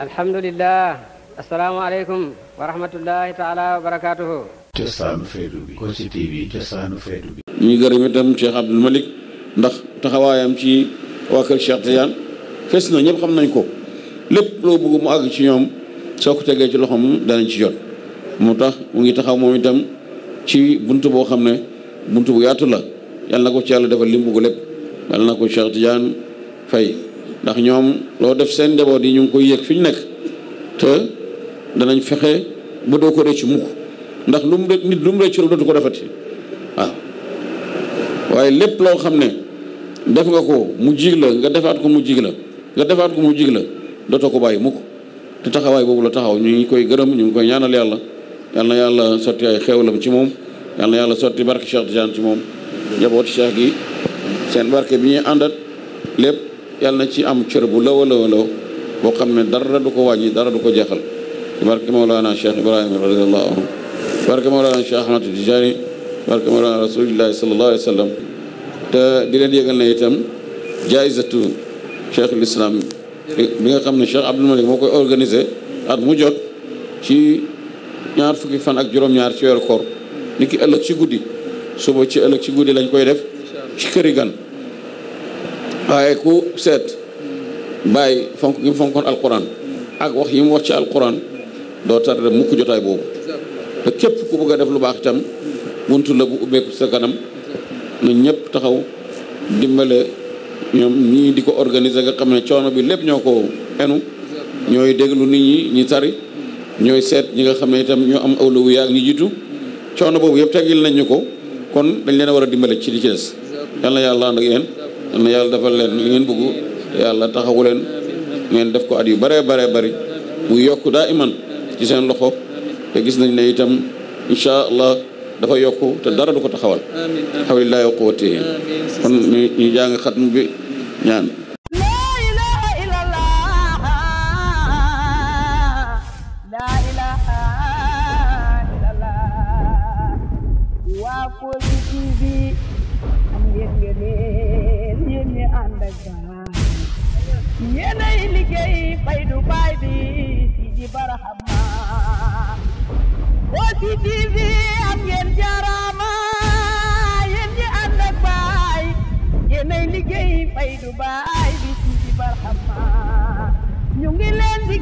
alhamdulilah asalaamaaleykum wa rahmatullahi taala wa barakaatuhu cosaanu feetu bi Kossy TV cosaanu feetu bi ñuy gërëm ndax taxawaayam ci waa kër Cheikh Tidiane na ñëpp xam nañ ko lépp loo bëgg mu àgg ci ñoom soo ko tegee ci loxoom danañ ci jot moo tax mu ngi taxaw moom itam ci bunt boo xam ne bunt bu yaatu la yàlla na ko ci yàlla defal li mu bëgg lépp yàlla na ko Cheikh Tidiane ndax ñoom loo def seen njaboot yi ñu ngi koy yëg fi ñu nekk te danañ fexe ba doo ko rëccu mukk ndax lu mu de nit lu mu rëccu rek dootu ko defati waaw waaye lépp loo xam ne def nga ko mu jig la nga defaat ko mu jig la nga defaat ko mu jig la dootoo ko bàyyi mukk te taxawaay boobu la taxaw ñu ngi koy gërëm ñu ngi koy ñaanal yàlla yal na yàlla sotti ay mu ci moom yal na yàlla sotti barke Cheikh Tidiane ci moom njaboot Cheikh gi seen barke bi ñuy àndat lépp yàlla na ci am cere bu law a law boo xam ne dara du ko wàññi dara du ko jeexal barke Mawlana Cheikh Ibrahima radiallahu anhu barke Mawlana Cheikh Ahmad Tijani barke Mawlana rasulillahi sallallahu alayhi wa sallam te di leen yëgal na itam jaayisatu Cheikh l'Islam bi nga xam ne Cheikh Abdul Malik moo koy organisé at mu jot ci ñaar fukki fan ak juróom-ñaar ci weeru koor ni ki ëllëg ci guddi suba ci ëllëg ci guddi lañ koy def ci këri gan waaye ku seet bàyyi fonk gi fonkoon alquran ak wax yi mu wax ci alquran doo tardé mukk jotaay boobu te képp ku bëgg a def lu baax itam buntu la bu ubbeeku sa kanam na ñëpp taxaw dimbale ñoom ñii di ko organiser nga xam ne coono bi lépp ñoo ko enu ñooy déglu nit ñi ñi tari ñooy seet ñi nga xam ne itam ñoo am awlawiya yaa ngi jiitu coono boobu yëpp teggil nañ ñu ko kon dañ leen a war a dimbale ci li ci des yàlla yàlla ànd ak na yàlla defal leen li ngeen bëgg yàlla taxawu leen ngeen def ko at yu bare bare bari mu yokk daa iman ci seen loxo te gis nañ ne itam incha allah dafa yokk te dara du ko taxawal xawlillahi wa quwwatihi kon ñu jàng mu bi ñaan Waapoli TV ne andaga yanayi liggéey fay du baay bi si ji barahama Kossy TV am ngeen jaaraama yéen ñi ànd ak baay yéenay liggéey fay du baay bi si barahama ñu ngi di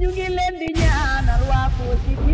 ñu ngi di ñaanal TV